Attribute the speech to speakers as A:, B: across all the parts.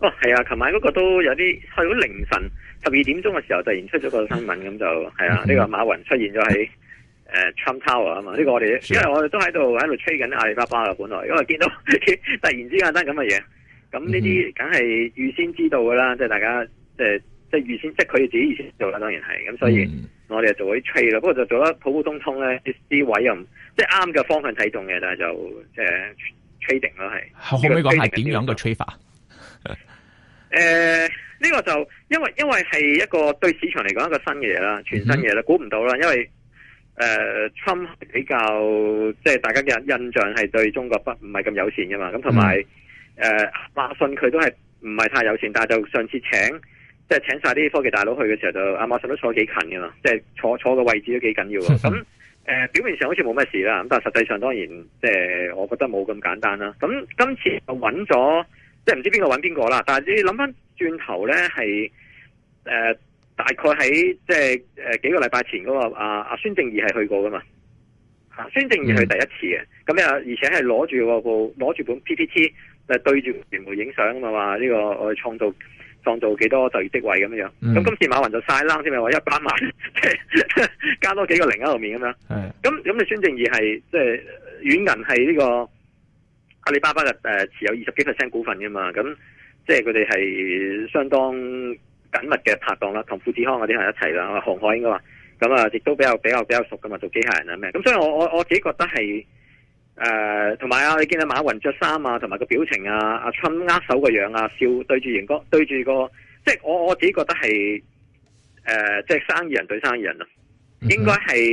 A: 哦，係啊！琴晚嗰個都有啲，去到凌晨十二點鐘嘅時候，突然出咗個新聞，咁 就係啊！呢個馬雲出現咗喺誒 Trump Tower 啊嘛，呢個我哋 因為我哋都喺度喺度 trade 緊阿里巴巴啊，本來，因為見到 突然之間得咁嘅嘢，咁呢啲梗係預先知道噶啦，即係 大家，誒、即係，即係預先，即係佢哋自己預先做啦，當然係，咁所以我哋做啲 trade 咯，不過就做得普普通通咧，啲位又即係啱嘅方向睇中嘅，但係就即係 trading 咯，係可唔可以講下點
B: 樣嘅 trade 法？
A: 誒，呢、呃，這個就因為因為係一個對市場嚟講一個新嘅嘢啦，全新嘅嘢啦，嗯、估唔到啦，因為誒，侵、呃、比較即係大家嘅印象係對中國不唔係咁友善噶嘛，咁同埋誒，馬信佢都係唔係太友善，但係就上次請即係、就是、請晒啲科技大佬去嘅時候，就阿馬信都坐得幾近噶嘛，即、就、係、是、坐坐個位置都幾緊要。咁誒、嗯呃，表面上好似冇咩事啦，咁但係實際上當然即係、呃、我覺得冇咁簡單啦。咁今次就揾咗。即係唔知邊個搵，邊個啦，但係你諗翻轉頭咧，係誒、呃、大概喺即係誒幾個禮拜前嗰、那個阿阿孫正義係去過噶嘛？吓，孫正義去第一次嘅，咁又、嗯、而且係攞住個部攞住本 PPT 嚟對住傳媒影相啊嘛？呢個我哋創造創造幾多就業職位咁樣樣，咁今、嗯、次馬雲就晒冷即係話一百萬，即 係加多幾個零喺後面咁樣。咁咁是的，你孫正義係即係軟銀係呢個？阿里巴巴就誒持有二十幾 percent 股份嘅嘛，咁即係佢哋係相當緊密嘅拍檔啦，同富士康嗰啲係一齊啦，鴻海應該話，咁啊亦都比較比較比較熟嘅嘛，做機械人啊咩，咁所以我我我自己覺得係誒同埋啊，呃、還有你見到馬雲着衫啊，同埋個表情啊，阿侵握手嘅樣啊，笑對住員工對住個，即係我我自己覺得係誒即係生意人對生意人咯、啊，應該係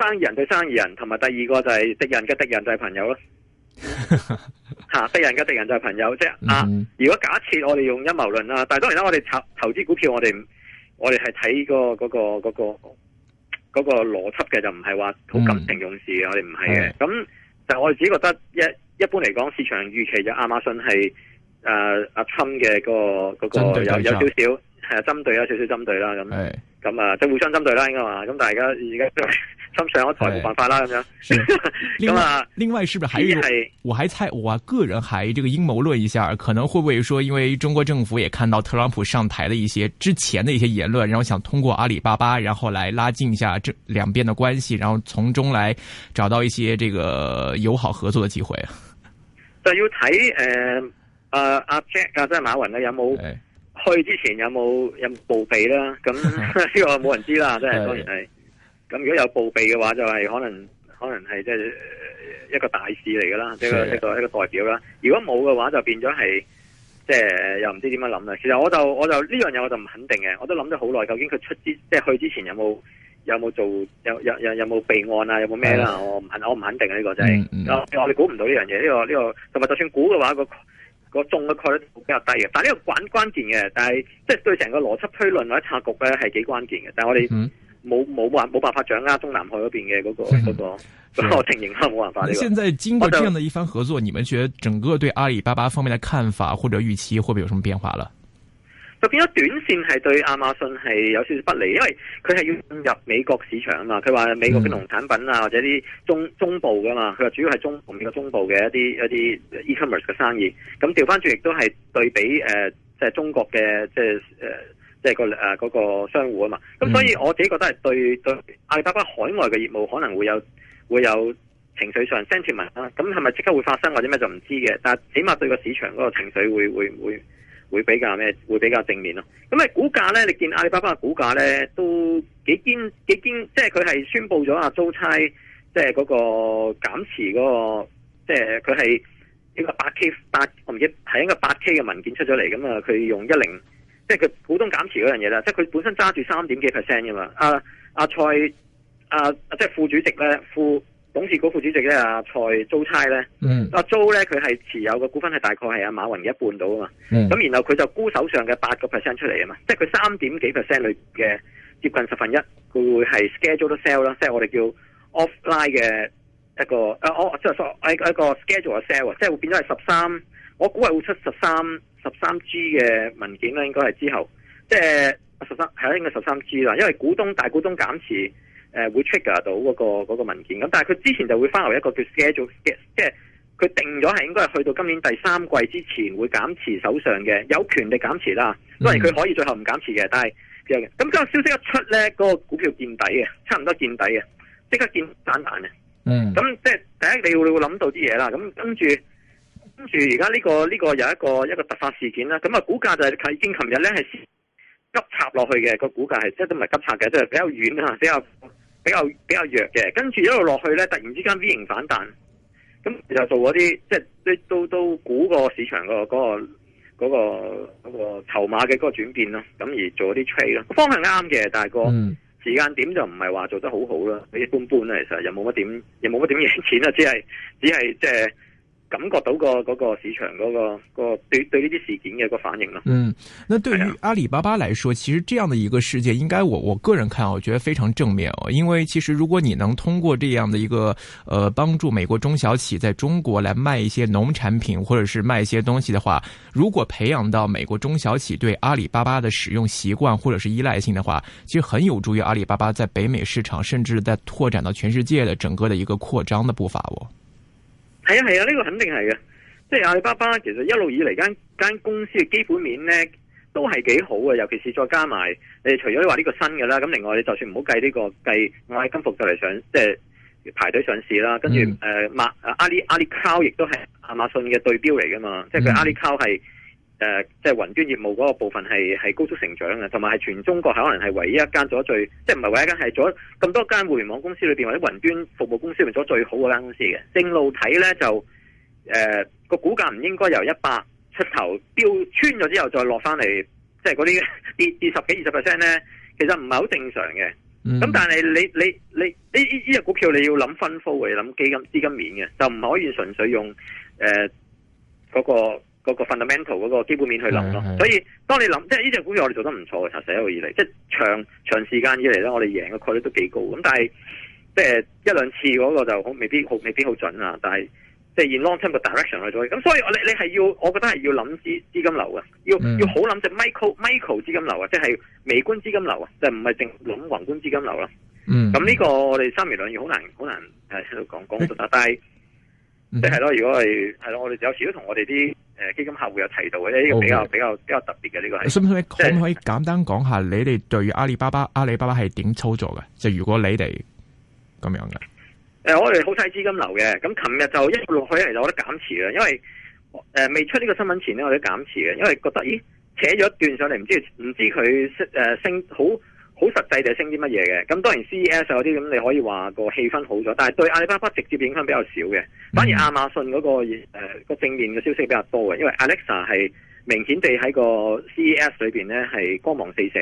A: 生意人對生意人，同埋第二個就係敵人嘅敵人就係朋友咯。吓，敵 人嘅敵人就係朋友啫。啊，如果假設我哋用陰謀論啦，但係當然啦，我哋投投資股票，我哋我哋係睇個嗰、那個嗰、那個個邏輯嘅，就唔係話好感情用事嘅，嗯、我哋唔係嘅。咁的就我哋自己覺得一一般嚟講，市場預期有亞馬遜係誒阿侵嘅嗰個、那個有針對對有少少係針對有少少針對啦咁。咁啊，即互相針對啦，應該嘛？咁大家而家而家心想上一台，冇辦法啦，咁樣。咁啊，另外是不是還有係？
B: 我還猜我個人還這個陰謀論一下，可能會不會說，因為中國政府也看到特朗普上台的一些之前的一些言論，然後想通過阿里巴巴，然後來拉近一下這兩邊的關係，然後從中來找到一些這個友好合作的機會。
A: 就要睇誒，阿、呃、阿、啊、Jack 啊，即係馬雲啊，有冇？去之前有冇有冇報備啦？咁呢個冇 人知啦，真係，當然係。咁如果有報備嘅話，就係可能可能係即係一個大事嚟噶啦，一個一個一個代表啦。的如果冇嘅話，就變咗係即係又唔知點樣諗啦。其實我就我就呢樣嘢我就唔肯定嘅，我都諗咗好耐，究竟佢出之即係去之前有冇有冇做有有有有冇備案啊？有冇咩啦？我唔肯我唔肯定啊呢個真係，我哋估唔到呢樣嘢呢個呢個，同埋就算估嘅話個。個中嘅概率比較低嘅，但呢個關關鍵嘅，但係即係對成個邏輯推論或者策局咧係幾關鍵嘅，但係我哋冇冇冇辦法掌握中南海嗰邊嘅個的、嗰個嗰的個情形啦，冇辦法。現在經過這樣的
B: 一番合作，就你們覺得整個對阿里巴巴方面的看法或者預期會唔會有什麼變化了？
A: 就變咗短線係對亞馬遜係有少少不利，因為佢係要進入美國市場啊嘛。佢話美國嘅農產品啊，或者啲中中部噶嘛。佢話主要係中美國中部嘅一啲一啲 e-commerce 嘅生意。咁調翻轉亦都係對比誒，即、呃、係、即係、中國嘅即係誒，即、呃、係、即係嗰個誒嗰、啊嗰個商戶啊嘛。咁所以我自己覺得係對，對阿里巴巴海外嘅業務可能會有會有情緒上 sentiment 啦。咁係咪即刻會發生或者咩就唔知嘅。但係起碼對個市場嗰個情緒會會會。會會比較咩？會比較正面咯。咁、嗯、啊，股價咧，你見阿里巴巴嘅股價咧都幾堅幾堅，即係佢係宣布咗阿周差，即係嗰個減持嗰、那個，即係佢係一個八 K 八，我唔記得係一個八 K 嘅文件出咗嚟，咁、嗯、嘛。佢用一零，即係佢股東減持嗰樣嘢啦，即係佢本身揸住三點幾 percent 噶嘛。阿阿蔡阿即係副主席咧，副。董事局副主席咧、啊，阿蔡租差咧，阿租咧佢係持有嘅股份係大概係阿馬雲嘅一半到啊嘛，咁、mm. 然後佢就沽手上嘅八個 percent 出嚟啊嘛，即係佢三點幾 percent 裏嘅接近十分一，佢會係 schedule to sell 啦，即係我哋叫 offline 嘅一個，啊、呃、哦，即、uh, 係一個 schedule to sell 啊，即係會變咗係十三，我估係會出十三十三 G 嘅文件啦，應該係之後，即係十三係啊，應該十三 G 啦，因為股東大股東減持。誒、呃，會 trigger 到嗰、那個嗰、那個文件咁，但係佢之前就會翻嚟一個叫 schedule，即係佢定咗係應該係去到今年第三季之前會減持手上嘅，有權力減持啦吓，當然佢可以最後唔減持嘅，但係咁，今日、嗯，那個、消息一出咧，嗰、那個股票見底嘅，差唔多見底嘅，即刻見反彈嘅，嗯，咁即係第一你會你會諗到啲嘢啦，咁跟住跟住而家呢個呢、這個有一個一個突發事件啦，咁、那、啊、個、股價就係、是、已經琴日咧係急插落去嘅，個股價係即係都唔係急插嘅，即係比較遠啊，比較。比較比較弱嘅，跟住一路落去咧，突然之間 V 型反彈，咁就做嗰啲即係估個市場個、嗰個嗰、嗰個、嗰個、嗰個籌碼嘅嗰個轉變咯，咁而做啲 trade 咯，方向啱嘅，但係個時間點就唔係話做得好好啦，你一般般啦，其實又冇乜點，又冇乜點贏錢啦，只係只係即係。感覺到個嗰個市場嗰個那個對對呢啲事件嘅個反應了。
B: 嗯，那對於阿里巴巴來說，其實這樣的一個世界應該我我個人看，我覺得非常正面哦。因為其實如果你能通過這樣的一個，呃，幫助美國中小企在中國來賣一些農產品，或者是賣一些東西的話，如果培養到美國中小企對阿里巴巴的使用習慣或者是依賴性的話，其實很有助於阿里巴巴在北美市場，甚至在拓展到全世界的整個的一個擴張的步伐哦。
A: 係啊係啊，呢、啊這個肯定係嘅，即係阿里巴巴其實一路以嚟間間公司嘅基本面咧都係幾好嘅，尤其是再加埋誒除咗你話呢個新嘅啦，咁另外你就算唔好計呢、這個計，我喺金服就嚟上即係排隊上市啦，跟住誒馬阿里阿里考亦都係亞馬遜嘅對標嚟噶嘛，即係佢阿里考係。嗯是誒，即係、呃就是、雲端業務嗰個部分係係高速成長嘅，同埋係全中國可能係唯一一間做得最，即係唔係唯一一間係咗咁多間互聯網公司裏邊或者雲端服務公司裏做得最好嗰間公司嘅。正路睇呢，就，誒、呃、個股價唔應該由一百出頭飆穿咗之後再落翻嚟，即係嗰啲跌二十幾二十 percent 呢，其實唔係好正常嘅。咁、嗯、但係你你你呢呢隻股票你要諗分科嘅，諗基金資金面嘅，就唔可以純粹用誒嗰、呃那個。嗰個 fundamental 嗰個基本面去諗咯，所以當你諗即係呢隻股票我哋做得唔錯嘅，從寫一路以嚟，即係長長時間以嚟咧，我哋贏嘅概率都幾高。咁但係即係一兩次嗰個就好未必好未必好準啊。但係即係 in long term 嘅 direction 去咗，咁所以你你係要，我覺得係要諗啲資金流嘅，要、嗯、要好諗只 Michael Michael 資金流啊，即係微觀資金流啊，就唔係淨諗宏觀資金流啦。咁呢、嗯、個我哋三言兩語好難好難誒講講到曬，但係。是即係咯，如果係係咯，我哋有時都同我哋啲誒基金客戶有提到嘅，呢、呢個比較的比較比較特別嘅呢個係。信信你可唔可以可唔可以
B: 簡單講下你哋對阿里巴巴是阿里巴巴係點操作嘅？就如果你哋咁
A: 樣嘅。誒、呃，我哋好細資金流嘅，咁琴日就一路落去嚟就我咧減持嘅，因為誒、呃、未出呢個新聞前咧我都減持嘅，因為覺得咦扯咗一段上嚟，唔知唔知佢誒升好。呃好實際地升啲乜嘢嘅，咁當然 CES 有啲咁你可以話個氣氛好咗，但係對阿里巴巴直接影響比較少嘅，反而亞馬遜嗰、嗰個、呃、正面嘅消息比較多嘅，因為 Alexa 係明顯地喺個 CES 裏面咧係光芒四射，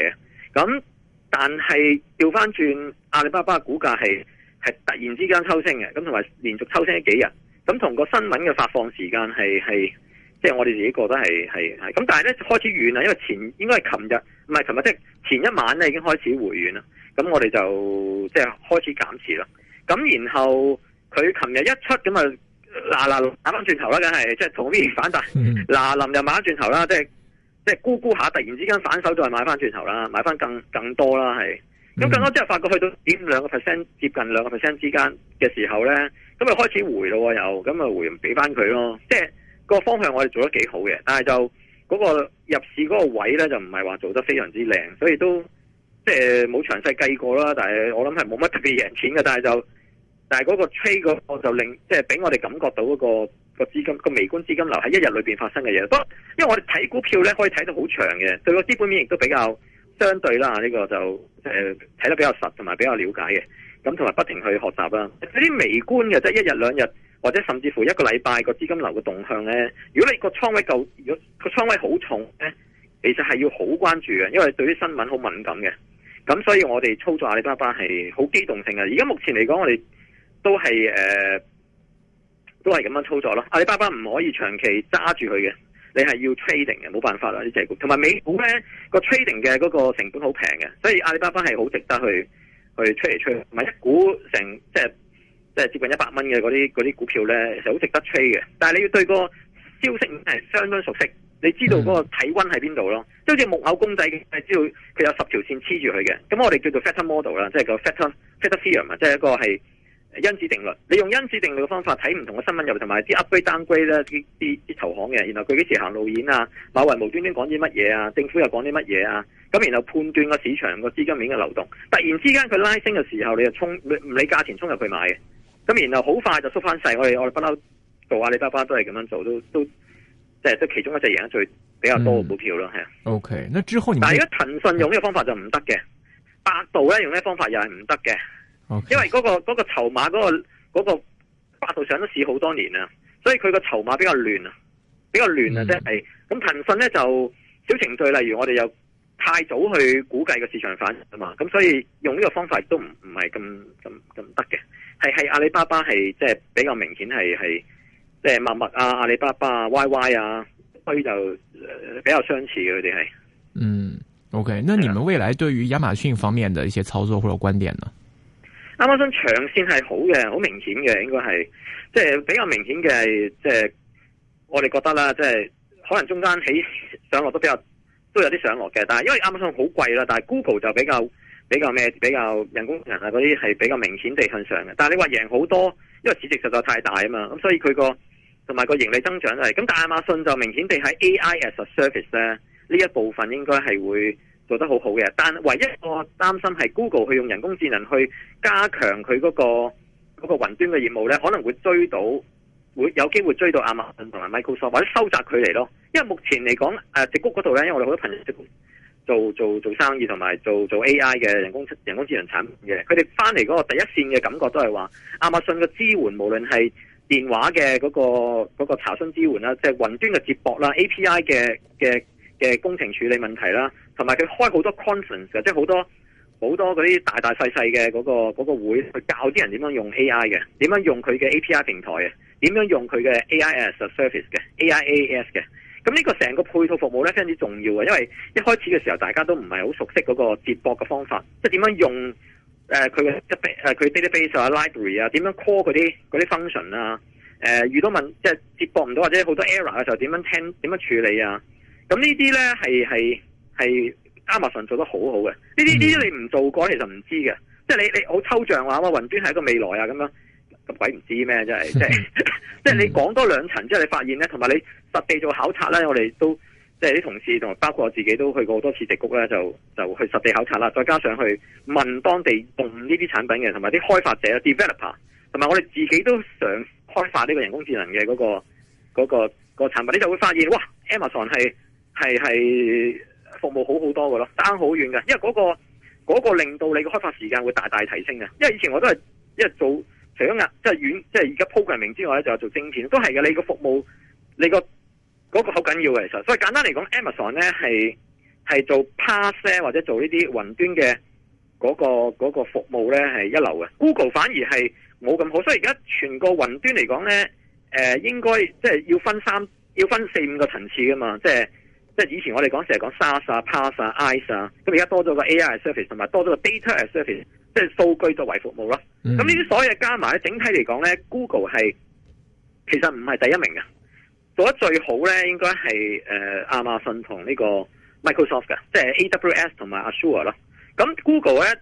A: 咁但係調翻轉阿里巴巴嘅股價係係突然之間抽升嘅，咁同埋連續抽升一幾日，咁同個新聞嘅發放時間係係。即係我哋自己覺得係係係，咁但係咧，開始軟啦，因為前應該係琴日，唔係琴日，即係前一晚咧已經開始回軟啦。咁我哋就即係開始減持啦。咁然後佢琴日一出，咁啊，嗱嗱打翻轉頭啦，梗係即係同 V 反彈嗱臨又買翻轉頭啦，即係即係沽沽下，突然之間反手再買翻轉頭啦，買翻更更多啦係。咁更多之後發覺去到點兩個 percent 接近兩個 percent 之間嘅時候咧，咁咪開始回咯又，咁就回俾翻佢咯，即係個方向我哋做得幾好嘅，但係就嗰個入市嗰個位呢，就唔係話做得非常之靚，所以都即係冇詳細計過啦。但係我諗係冇乜特別贏錢嘅，但係就但係嗰個 trade 個就令即係俾我哋感覺到嗰個個資金個微觀資金流喺一日裏邊發生嘅嘢。不過因為我哋睇股票呢，可以睇到好長嘅，對個基本面亦都比較相對啦。呢、這個就睇、即係、得比較實同埋比較了解嘅，咁同埋不停去學習啦。啲、即係、微觀嘅得、即係、一日兩日。或者甚至乎一個禮拜個資金流嘅動向呢，如果你個倉位夠，如果個倉位好重呢，其實係要好關注嘅，因為對於新聞好敏感嘅。咁所以我哋操作阿里巴巴係好機動性嘅。而家目前嚟講，我哋都係誒，都係咁樣操作咯。阿里巴巴唔可以長期揸住佢嘅，你係要 trading 嘅，冇辦法啦呢隻股。同埋美股呢個 trading 嘅嗰個成本好平嘅，所以阿里巴巴係好值得去去出嚟出，唔係一股成即係。即係接近一百蚊嘅嗰啲啲股票咧，就好值得吹嘅。但係你要對個消息係相當熟悉，你知道嗰個體温喺邊度咯，即好似木偶公仔咁，你知道佢有十條線黐住佢嘅。咁我哋叫做 factor model 啦，即係個 factor factor theory 啊，即係一個係因子定律。你用因子定律嘅方法睇唔同嘅新聞入嚟，同埋啲 upgrade downgrade 咧啲啲啲投行嘅，然後佢幾時行路演啊？馬雲無端端講啲乜嘢啊？政府又講啲乜嘢啊？咁然後判斷個市場個資金面嘅流動，突然之間佢拉升嘅時候，你就衝，唔理價錢衝入去買嘅。咁然後好快就縮翻細，我哋我哋不嬲做阿里巴巴都係咁樣做。都都即係其中一隻贏得最比較多嘅股票咯，係啊、嗯。
B: O、okay, K.，那之後你，但係而家
A: 騰訊用呢個方法就唔得嘅，百度咧用呢個方法又係唔得嘅。O Okay . K.，因為嗰、那個嗰、那個籌碼嗰個嗰、那個百度上咗市好多年啦，所以佢個籌碼比較亂啊，比較亂啊，即係咁騰訊咧就小程序，例如我哋又太早去估計個市場反應啊嘛，咁、嗯、所以用呢個方法亦都唔唔係咁咁咁得嘅。係係阿里巴巴係即係比較明顯，係係即係陌陌啊、阿里巴巴啊、YY 啊，所以就、呃、比較相似嘅佢哋。
B: 嗯，OK，那你們未來對於亞馬遜方面的一些操作或者觀點呢？
A: 亞馬遜長線係好嘅，好明顯嘅，應該係即係比較明顯嘅。即係我哋覺得啦，即係可能中間起上落都比較都有啲上落嘅，但係因為亞馬遜好貴啦，但係 Google 就比較。比較咩，比較人工智能啊，嗰啲係比較明顯地向上嘅，但你話贏好多，因為市值實在太大啊嘛，咁所以佢個同埋個盈利增長都係咁。但係亞馬遜就明顯地喺 AI as a service 咧呢一部分應該係會做得好好嘅，但唯一我擔心係 Google 去用人工智能去加強佢嗰個嗰個雲端嘅業務咧，可能會追到會有機會追到亞馬遜同埋 Microsoft 或者收窄佢嚟咯。因為目前嚟講，誒、啊、直谷嗰度咧，因為我哋好多朋友直做做做生意同埋做做 AI 嘅人工人工智能產品嘅，佢哋翻嚟嗰個第一線嘅感覺都係話，亞馬遜嘅支援無論係電話嘅嗰個嗰個查詢支援啦，即係雲端嘅接駁啦，API 嘅嘅嘅工程處理問題啦，同埋佢開好多 conference 嘅，即係好多好多嗰啲大大細細嘅嗰個嗰個會去教啲人點樣用 AI 嘅，點樣用佢嘅 API 平台嘅，點樣用佢嘅 AIaaS service 嘅，AIaaS 嘅。AI AS 咁呢個成個配套服務咧非常之重要嘅，因為一開始嘅時候大家都唔係好熟悉嗰個接駁嘅方法，即係點樣用誒佢、呃、嘅、呃、data 佢 database 啊 library 啊，點樣 call 嗰啲嗰啲 function 啊？誒、呃、遇到問即係接駁唔到或者好多 error 嘅時候，點樣聽點樣處理啊？咁呢啲咧係係係 Amazon 做得好好嘅，呢啲呢啲你唔做過其實唔知嘅，即係你你好抽象話啊，雲端係一個未來啊咁樣。咁鬼唔知咩真係，即係即係你講多兩層之後，你發現呢，同埋你實地做考察呢，我哋都即係啲同事同埋包括我自己都去過好多次矽谷呢，就就去實地考察啦。再加上去問當地用呢啲產品嘅，同埋啲開發者 developer，同埋我哋自己都想開發呢個人工智能嘅嗰個嗰個嗰個產品，你就會發現哇，Amazon 係係係服務好好多嘅咯，爭好遠嘅，因為嗰個嗰個令到你嘅開發時間會大大提升嘅。因為以前我都係做。除咗即係遠，即係而家 programming 之外咧，就做晶片都係嘅。你個服務，你個嗰個好緊要嘅，其實。所以簡單嚟講，Amazon 咧係係做 pass 啊或者做呢啲雲端嘅嗰個、嗰個服務咧係一流嘅。Google 反而係冇咁好。所以而家全個雲端嚟講咧，誒、呃，應該即係要分三，要分四五個層次噶嘛。即係即係以前我哋講成日講 saas 啊、pass 啊、ice 啊，咁而家多咗個 AI service 同埋多咗個 data service。即係數據作為服務咯，咁呢啲所有加埋咧，整體嚟講咧，Google 係其實唔係第一名嘅，做得最好咧，應該係誒、亞馬遜同呢個 Microsoft 嘅，即係 AWS 同埋 Azure 咯。咁 Google 咧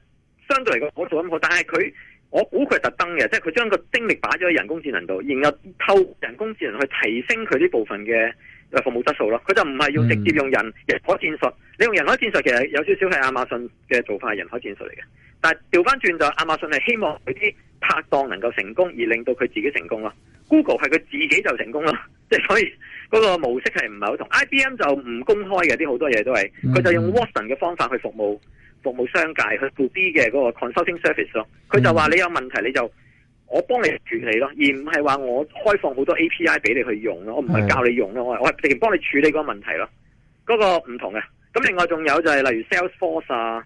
A: 相對嚟講，我做咁好，但係佢我估佢係特登嘅，即係佢將個精力擺咗喺人工智能度，然後透人工智能去提升佢啲部分嘅誒服務質素咯。佢就唔係要直接用人人海戰術，你用人海戰術其實有少少係亞馬遜嘅做法係人海戰術嚟嘅。但係調翻轉就係亞馬遜係希望佢啲拍檔能夠成功，而令到佢自己成功咯。Google 係佢自己就成功咯，即係所以嗰個模式係唔係好同。IBM 就唔公開嘅，啲好多嘢都係佢就用 Watson 嘅方法去服務服務商界，去做啲嘅嗰個 consulting service 咯。佢就話你有問題你就我幫你處理咯，而唔係話我開放好多 API 俾你去用咯，我唔係教你用咯，我係我直接幫你處理個問題咯。嗰個唔同嘅。咁另外仲有就係例如 Salesforce 啊。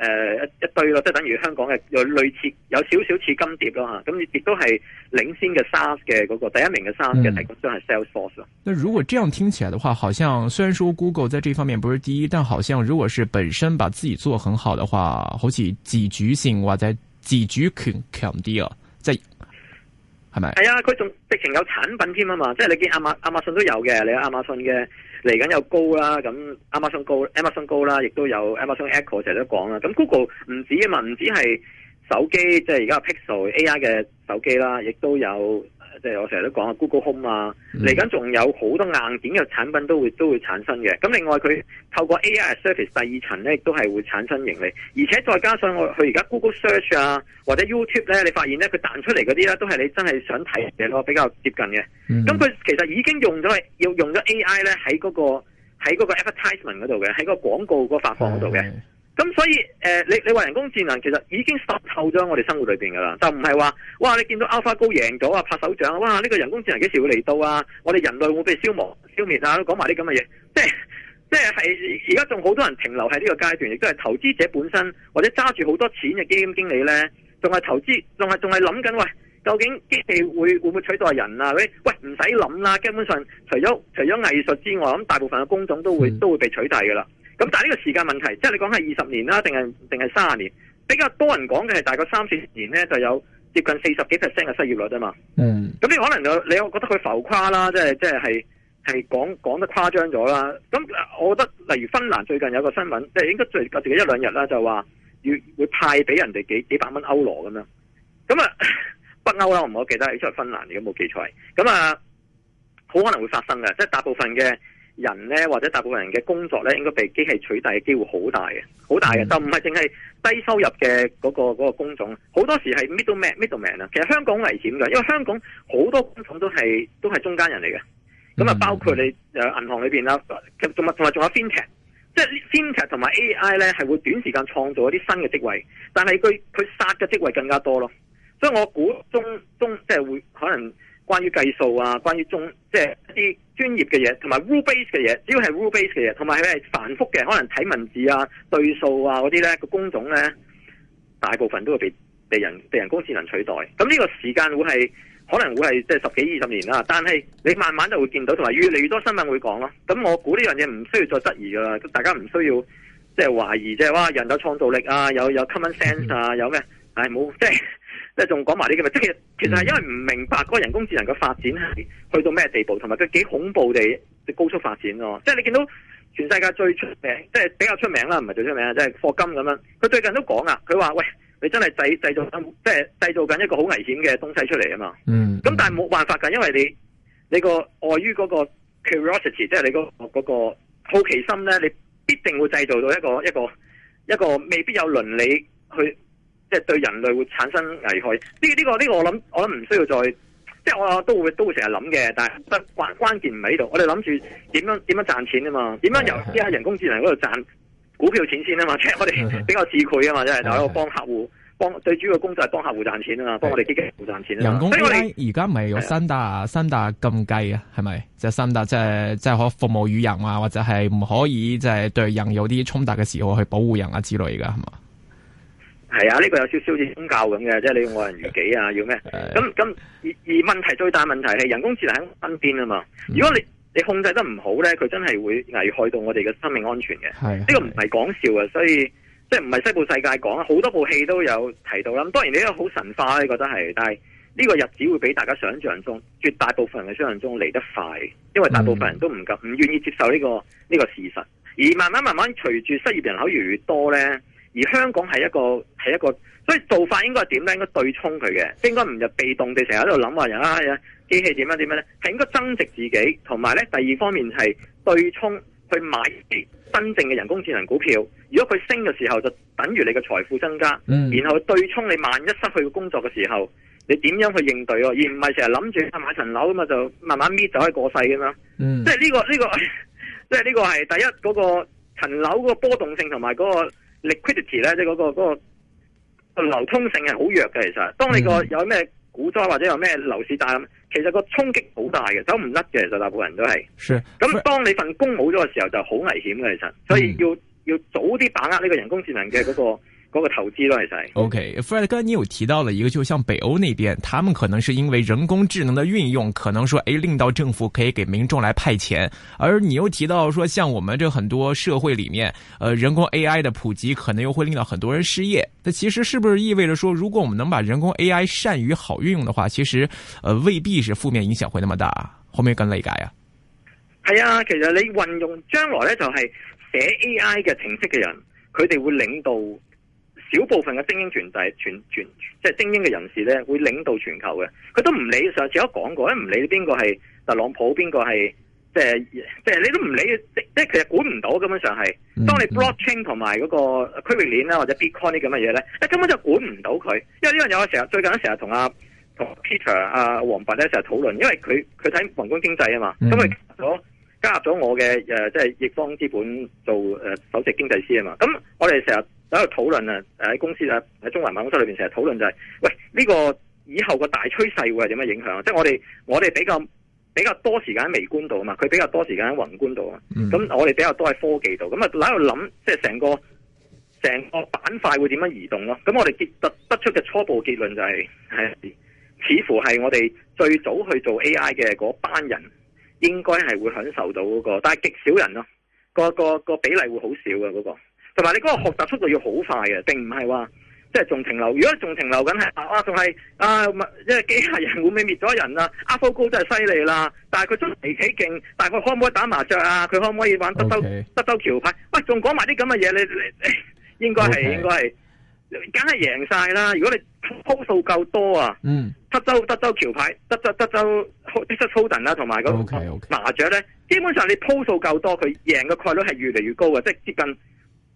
A: 誒，一一堆咯，即係、呃就是、等於香港嘅類類似，有少少似金蝶咯嚇。咁亦都係領先嘅 s 沙嘅嗰個第一名嘅 s 沙嘅、嗯、提供商係 Salesforce。
B: 那如果這樣聽起來嘅話，好像雖然說 Google 在這方面不是第一，但好像如果是本身把自己做很好的話，好似自主性或者自主權強啲啊，即係咪？係
A: 啊，佢仲直情有產品添啊嘛，即係你見亞馬亞馬遜都有嘅，你睇亞馬遜嘅嚟緊有 Go 啦，咁亞馬遜 Go，亞馬遜 Go 啦，亦都有亞馬遜 Echo 成日都講啦，咁 Google 唔止啊嘛，唔止係手機，即係而家 Pixel AI 嘅手機啦，亦都有。即係我成日都講啊，Google Home 啊，嚟緊仲有好多硬件嘅產品都會都會產生嘅。咁另外佢透過 AI service 第二層咧，亦都係會產生盈利。而且再加上我佢而家 Google Search 啊或者 YouTube 咧，你發現咧佢彈出嚟嗰啲咧都係你真係想睇嘅咯，比較接近嘅。咁佢、mm hmm. 其實已經用咗用用咗 AI 咧喺嗰個喺嗰個 advertisement 嗰度嘅，喺個廣告嗰、mm hmm. 個發放嗰度嘅。Mm hmm. 咁所以，誒、呃、你你話人工智能其實已經滲透咗我哋生活裏面噶啦，就唔係話哇你見到 AlphaGo 贏咗啊，拍手掌啊，哇呢、呢個人工智能幾時會嚟到啊？我哋人類會唔會被消磨、消滅啊？都講埋啲咁嘅嘢，即係即係係而家仲好多人停留喺呢個階段，亦都係投資者本身或者揸住好多錢嘅基金經理咧，仲係投資，仲係仲係諗緊喂，究竟機器會會唔會取代人啊？喂，喂唔使諗啦，根本上除咗除咗藝術之外，咁大部分嘅工種都會都會被取代噶啦。嗯。咁但係呢個時間問題，即係你講係二十年啦，定係定係卅年，比較多人講嘅係大概三四年咧，就有接近四十幾 percent 嘅失業率啫嘛。嗯。咁你可能就你覺我覺得佢浮誇啦，即係即係係係講講得誇張咗啦。咁我覺得例如芬蘭最近有個新聞，即係應該最近一兩日啦，就話要會派俾人哋幾幾百蚊歐羅咁樣。咁啊，北歐啦，我唔係好記得你出喺芬蘭，你有冇記錯。咁啊，好可能會發生嘅，即係大部分嘅。人咧或者大部分人嘅工作咧，應該被機器取代嘅機會好大嘅，好大嘅，就唔係淨係低收入嘅嗰個嗰個工種，好多時係 middle man middle man 啊！其實香港危險嘅，因為香港好多工種都係都係中間人嚟嘅，咁啊包括你誒銀行裏面啦，同埋同埋仲有 FinTech，即係 FinTech 同埋 AI 咧係會短時間創造一啲新嘅職位，但係佢佢殺嘅職位更加多咯，所以我估中中即係會可能關於計數啊，關於中即係一啲。專業嘅嘢，同埋 rule base 嘅嘢，只要係 rule base 嘅嘢，同埋佢係繁複嘅，可能睇文字啊、對數啊嗰啲咧，個工種咧，大部分都會被被人被人工智能取代。咁呢個時間會係可能會係即係十幾二十年啦。但係你慢慢就會見到，同埋越嚟越多新聞會講咯。咁我估呢樣嘢唔需要再質疑噶啦，大家唔需要即係懷疑，即係話人有創造力啊，有有 common sense 啊，有咩？係冇即係。即係仲講埋呢個，即係其實係因為唔明白嗰個人工智能嘅發展係去到咩地步，同埋佢幾恐怖地嘅高速發展咯。即係你見到全世界最出名，即係比較出名啦，唔係最出名啊，即係霍金咁樣。佢最近都講啊，佢話：喂，你真係製造緊，即係製造緊一個好危險嘅東西出嚟啊嘛。嗯。咁但係冇辦法㗎，因為你你個礙於嗰個 curiosity，即係你嗰、嗰個嗰個好奇心咧，你必定會製造到一個一個一個,一個未必有倫理去。即係對人類會產生危害呢？呢、呢個呢、呢個我諗我諗唔需要再，即係我都會都會成日諗嘅。但係關關鍵唔喺度，我哋諗住點樣點樣賺錢啊嘛？點樣由依家人工智能嗰度賺股票錢先啊嘛？ 即係我哋比較自愧啊嘛，即係就喺度幫客戶幫最主要嘅工作係幫客戶賺錢啊嘛，幫 我哋基金賺錢。人工智能
B: 而家唔係有三大三大禁忌啊？係咪、 就係？就係三大即係即係可服務與人啊，或者係唔可以即係對人有啲衝突嘅時候去保護人啊之類噶係嘛？是
A: 係啊，呢、這個有少少似宗教咁嘅，即係你要愛人如己啊，要咩？咁咁而而問題最大問題係人工智能喺身邊啊嘛。如果你你控制得唔好咧，佢真係會危害到我哋嘅生命安全嘅。係呢是個唔係講笑啊，所以即係唔係西部世界講好多部戲都有提到啦。咁當然呢個好神化，你覺得係，但係呢個日子會比大家想象中絕大部分人嘅想象中嚟得快，因為大部分人都唔敢唔願意接受呢、這個呢、這個事實，而慢慢慢慢隨住失業人口越來越多咧。而香港係一個係一個，所以做法應該係點咧？應該對沖佢嘅，應該唔就被動地成日喺度諗話人啊，哎，機器點樣點樣咧？係應該增值自己，同埋咧第二方面係對沖，去買真正嘅人工智能股票。如果佢升嘅時候，就等於你嘅財富增加。Mm. 然後對沖你萬一失去嘅工作嘅時候，你點樣去應對哦？而唔係成日諗住買層樓咁嘛，就慢慢搣就可以過世咁樣。Mm. 即係呢、這個呢、這個，即係呢個係第一嗰、那個層樓個波動性同埋嗰個。liquidity 咧，即係、嗰、嗰個嗰、嗰個流通性係好弱嘅，其實當你個有咩股災或者有咩樓市大咁，其實個衝擊好大嘅，走唔甩嘅，其實大部分人都係。咁是當你份工冇咗嘅時候就好危險嘅，其實，所以要、嗯、要早啲把握呢個人工智能嘅嗰個。嗰個投
B: 資都係細。O K，Fred 哥剛才你有提到了一個，就像北歐那邊，他們可能是因為人工智能的運用，可能說，誒、欸、令到政府可以給民眾來派錢。而你又提到說，像我們這很多社會裏面，呃人工 A I 的普及，可能又會令到很多人失業。那其實是不是意味着說，如果我們能把人工 A I 善於好運用的話，其實，呃未必是負面影響會那麼大。後面偉根，你解
A: 啊？係啊，其實你運用將來呢，就係寫 A I 嘅程式嘅人，佢哋會領導。少部分嘅精英團體、全即係精英嘅人士咧，會領導全球嘅。佢都唔理，上次我講過，一唔理邊個係特朗普，邊個係即係即係你都唔理，即係其實管唔到根本上係。當你 blockchain 同埋嗰個區域鏈啊或者 bitcoin 啲咁嘅嘢咧，根本就管唔到佢。因為呢樣嘢我成日最近成日同阿同 Peter 阿、啊、黃伯咧成日討論，因為佢佢睇宏觀經濟啊嘛，咁佢、嗯、加入咗加入咗我嘅即係易方資本做誒、啊、首席經濟師啊嘛，咁我哋成日。喺度討論啊！喺公司咧，喺中環辦公室裏邊成日討論就係，喂，呢個以後個大趨勢會係點樣影響啊？即係我哋，我哋比較比較多時間喺微觀度啊嘛，佢比較多時間喺宏觀度啊。咁、嗯、我哋比較多喺科技度，咁啊喺度諗，即係成個成個板塊會點樣移動咯？咁我哋結得得出嘅初步結論就係，係似乎係我哋最早去做 AI 嘅嗰班人，應該係會享受到嗰個，但係極少人咯，個個個比例會好少嘅嗰個。同埋你嗰個學習速度要好快嘅，並唔係話即係仲停留。如果仲停留緊係啊，仲係啊，即係機械人會唔會滅咗人啊？阿富高真係犀利啦，但係佢真嚟幾勁。但係佢可唔可以打麻雀啊？佢可唔可以玩德州 Okay. 德州橋牌？喂，仲講埋啲咁嘅嘢，你你，你應該係 Okay. 應該係，梗係贏晒啦。如果你鋪數夠多啊、嗯，德州德州橋牌、德州德州德州梭頓啦，同埋嗰個 okay, okay. 麻雀咧，基本上你鋪數夠多，佢贏嘅概率係越嚟越高嘅，即係接近。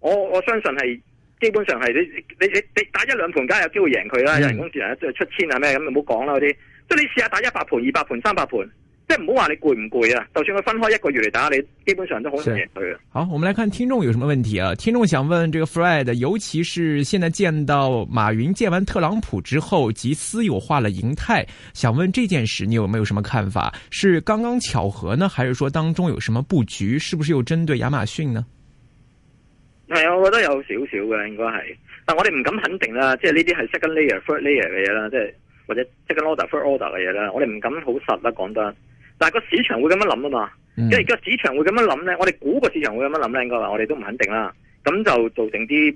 A: 我我相信係基本上係你你你打一兩盤，梗係有機會贏佢啦。人工智能即係出千啊咩咁，就你唔好講啦嗰啲。即係你試下打一百盤、二百盤、三百盤，即係唔好話你攰唔攰啊。就算佢分開一個月嚟打，你基本上都好容易贏
B: 佢啊。好，我們來看聽眾有什麼問題啊？聽眾想問這個 Fred，尤其是現在見到馬雲見完特朗普之後，即私有化了銀泰，想問這件事你有沒有什麼看法？是剛剛巧合呢，還是說當中有什麼佈局？是不是又針對亞馬遜呢？
A: 係，我覺得有少少嘅應該係，但我哋唔敢肯定啦，即係呢啲係 second layer、third layer 嘅嘢啦，即係或者 second order、third order 嘅嘢啦，我哋唔敢好實啦講得。但係個市場會咁樣諗啊嘛，嗯、因為個市場會咁樣諗咧，我哋估個市場會咁樣諗咧，應該話我哋都唔肯定啦。咁就造成啲，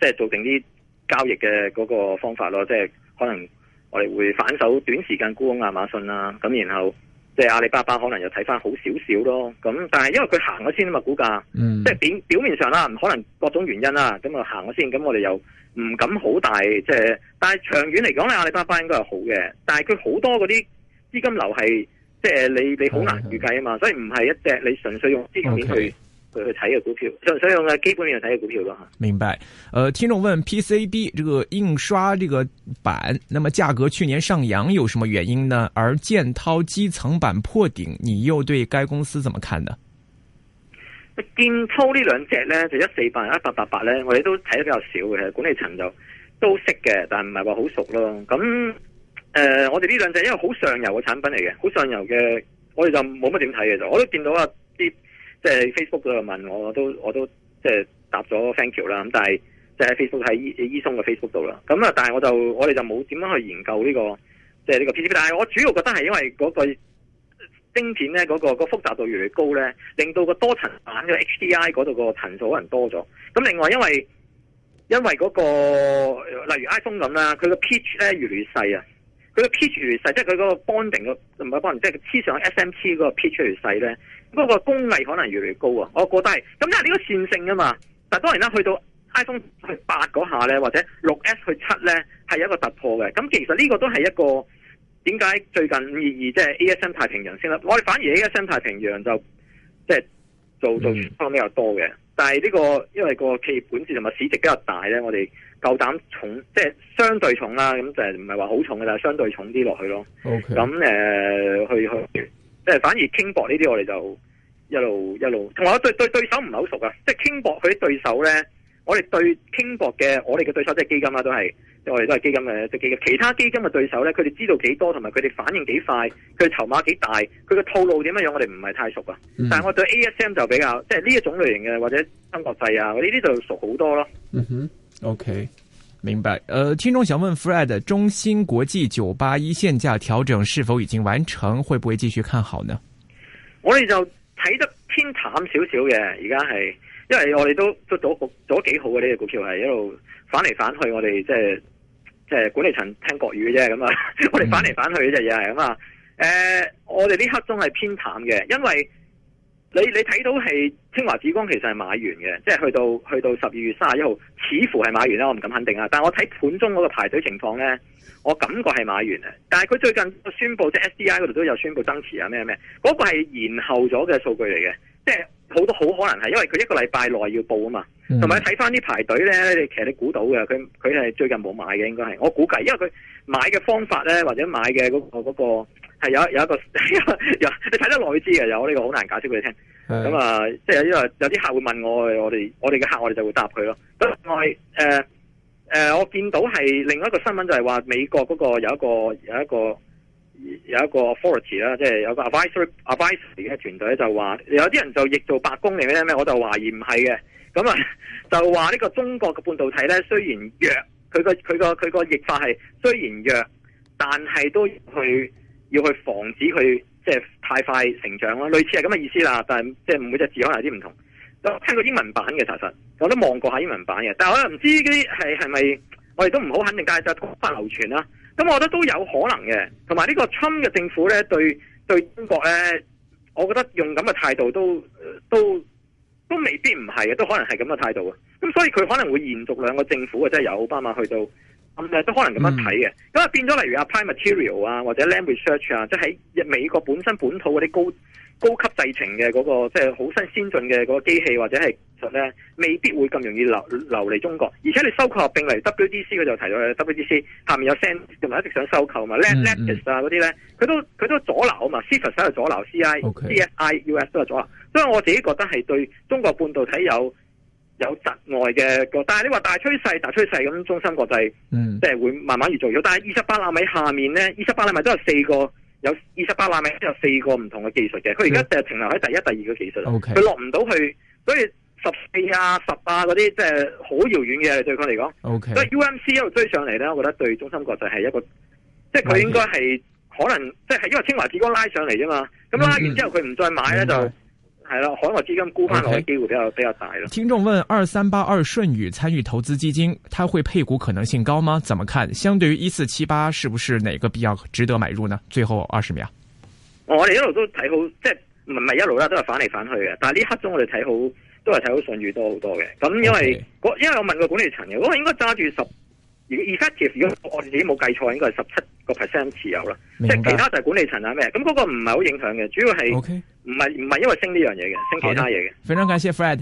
A: 即係造成啲交易嘅嗰個方法咯，即係可能我哋會反手短時間沽空亞馬遜啦，咁然後。即係阿里巴巴，可能又睇翻好少少咯。咁，但係因為佢行咗先啊嘛，股價、嗯，即係表表面上啦，可能各種原因啦，咁啊行咗先。咁我哋又唔敢好大即係、就是，但係長遠嚟講咧，阿里巴巴應該係好嘅。但係佢好多嗰啲資金流係，即、就、係、是、你你好難預計啊嘛，是是所以唔係一隻你純粹用資金面去。Okay. 去睇嘅股票，所所以我基本又睇嘅股票咯吓。
B: 明白，誒、呃，聽眾問 PCB 這個印刷這個板，那麼價格去年上揚有什麼原因呢？而建滔基層板破頂，你又對該公司怎麼看呢？
A: 建滔呢兩隻咧就一四八、一八八八咧，我哋都睇得比較少嘅，管理層就都識嘅，但唔係話好熟咯。咁、嗯、誒、呃，我哋呢兩隻因為好上游嘅產品嚟嘅，好上游嘅，我哋就冇乜點睇嘅就，我都見到啊。即係 Facebook 嗰度問我，我都我都即係答咗 thank you 啦。咁但係即係 Facebook 喺醫生松嘅 Facebook 度啦。咁啊，但係、e、我就我哋就冇點樣去研究呢、這個即係呢個 p c p 但係我主要覺得係因為嗰個晶片咧，嗰、那個那個複雜度越嚟越高咧，令到個多層版嘅 HDI 嗰度個層數可能多咗。咁另外因為因為嗰、那個例如 iPhone 咁啦，佢個 pitch 咧越嚟越細啊，佢個 pitch 越細，即係佢嗰個 bonding 嘅唔係 b 即係黐上 SMT 嗰個 pitch 越細咧。不過工藝可能越嚟越高啊！我覺得係，咁因為呢個線性啊嘛。但係當然啦，去到 iPhone 去八嗰下咧，或者六 S 去七咧，係一個突破嘅。咁其實呢個都係一個點解最近五二二即係 ASM 太平洋先啦。我哋反而 ASM 太平洋就即係、就是、做，做做方面比較多嘅。嗯、但係呢、呢個因為個企業本質同埋市值比較大咧，我哋夠膽重，即係相對重啦。咁就係唔係話好重嘅啦，相對重啲落去咯。OK，咁誒去去。Okay. 即係反而傾博呢啲我哋就一路一路同埋我對對對，對手唔係好熟噶，即係傾博佢啲對手呢。我哋對傾博嘅我哋嘅對手即係、即係、基金啦、啊，都係我哋都係基金嘅即、即係、基金。其他基金嘅對手呢，佢哋知道幾多，同埋佢哋反應幾快，佢嘅籌碼幾大，佢嘅套路點樣樣，我哋唔係太熟啊。嗯、但係我對 ASM 就比較即係呢一種類型嘅或者新國際啊，呢啲就熟好多咯。嗯
B: 哼，OK。明白，呃，聽眾想問 Fred，中芯國際九八一現價調整是否已經完成？會不會繼續看
A: 好呢？我哋就睇得偏淡少少嘅，而家係，因為我哋都都做做咗幾好嘅呢隻股票，係一路反嚟反去，我哋即係即係管理層聽國語嘅啫，咁啊、嗯呃，我哋反嚟反去呢隻嘢係咁啊，誒，我哋呢刻鐘係偏淡嘅，因為。你你睇到係清華紫光其實，係買完嘅，即係去到去到十二月三十一號，似乎係買完啦，我唔敢肯定啊。但係我睇盤中嗰個排隊情況咧，我感覺係買完嘅。但係佢最近宣布即係 S D I 嗰度都有宣布增持啊咩咩，嗰、嗰個係延後咗嘅數據嚟嘅，即係。好多好可能係，因為佢一個禮拜內要報啊嘛，同埋睇翻啲排隊咧，你其實你估到嘅，佢佢係最近冇買嘅應該係，我估計，因為佢買嘅方法咧，或者買嘅嗰、嗰個嗰係、嗰個、有有一個， 有你睇得耐知嘅，有呢、呢個好難解釋俾你聽。咁啊是、嗯呃，即係有啲有啲客會問我，我哋我哋嘅客我哋就會答佢咯。另外，誒、呃呃、我見到係另外一個新聞就係話美國嗰個有一個有一個。有一個有一個 authority 啦，即係有個 adviser adviser 嘅團隊就話有啲人就譯做白宮嚟嘅，咩我就懷疑唔係嘅。咁啊，就話呢個中國嘅半導體咧，雖然弱，佢個佢個佢個譯法係雖然弱，但係都去要去要防止佢即係太快成長啦。類似係咁嘅意思啦，但係即係每隻字可能有啲唔同。我聽過英文版嘅查實，我都望過下英文版嘅，但係我又唔知嗰啲係係咪，我哋都唔好肯定嘅，但是就是廣泛流傳啦。咁我覺得都有可能嘅，同埋呢個 Trump 嘅政府咧，對對中國咧，我覺得用咁嘅態度都、呃、都都未必唔係嘅，都可能係咁嘅態度啊！咁所以佢可能會延續兩個政府啊，即係由奧巴馬去到，嗯、都可能咁樣睇嘅，咁、嗯、就變咗例如啊，prime material 啊，或者 Lam Research 啊，即、就、係、是、美國本身本土嗰啲高高級製程嘅嗰、那個，即係好新先進嘅嗰個機器或者係。咧未必會咁容易流流嚟中國，而且你收購併嚟 WDC 佢就提到 WDC 下面有 send 同埋一直想收購嘛，Lattice 啊嗰啲咧，佢、mm hmm. 都佢都阻撓啊嘛，CFIUS 都係阻撓，CFIUS、CFIUS 都係 Okay. 阻撓，所以我自己覺得係對中國半導體有有窒礙嘅。但係你話大趨勢大趨勢咁，中芯國際即係會慢慢越做越。但係二十八納米下面咧，二十八納米都有四個有二十八納米都有四個唔同嘅技術嘅，佢而家就係停留喺第一、第二個技術，佢落唔到去，所以。十四啊十啊嗰啲即係好遙遠嘅，對佢嚟講。O K。所以 U M C 一路追上嚟咧，我覺得對中芯國際係一個，即係佢應該係可能，即係 Okay. 因為清華紫光拉上嚟啫嘛。咁拉完之後佢唔再買咧，嗯、就係啦白，海外資金沽翻落嘅機會比較 Okay. 比較大咯。聽眾
B: 問：二三八二順宇參與投資基金，它會配股可能性高嗎？怎麼看？相對於一四七八，是不是哪個比較值得買入呢？最後二十秒，
A: 我哋一路都睇好，即係唔係一路啦，都係反嚟反去嘅。但係呢刻中我哋睇好。都係睇到信譽多好多嘅，咁因為我 Okay. 因為我問過管理層嘅，我應該揸住十，effective 如果我自己冇計錯，應該係十七個 percent 持有啦，白即係其他就係管理層啊咩，咁嗰個唔係好影響嘅，主要係唔係唔係因為升呢樣嘢嘅，升其他嘢
B: 嘅。的非常感謝 Fred。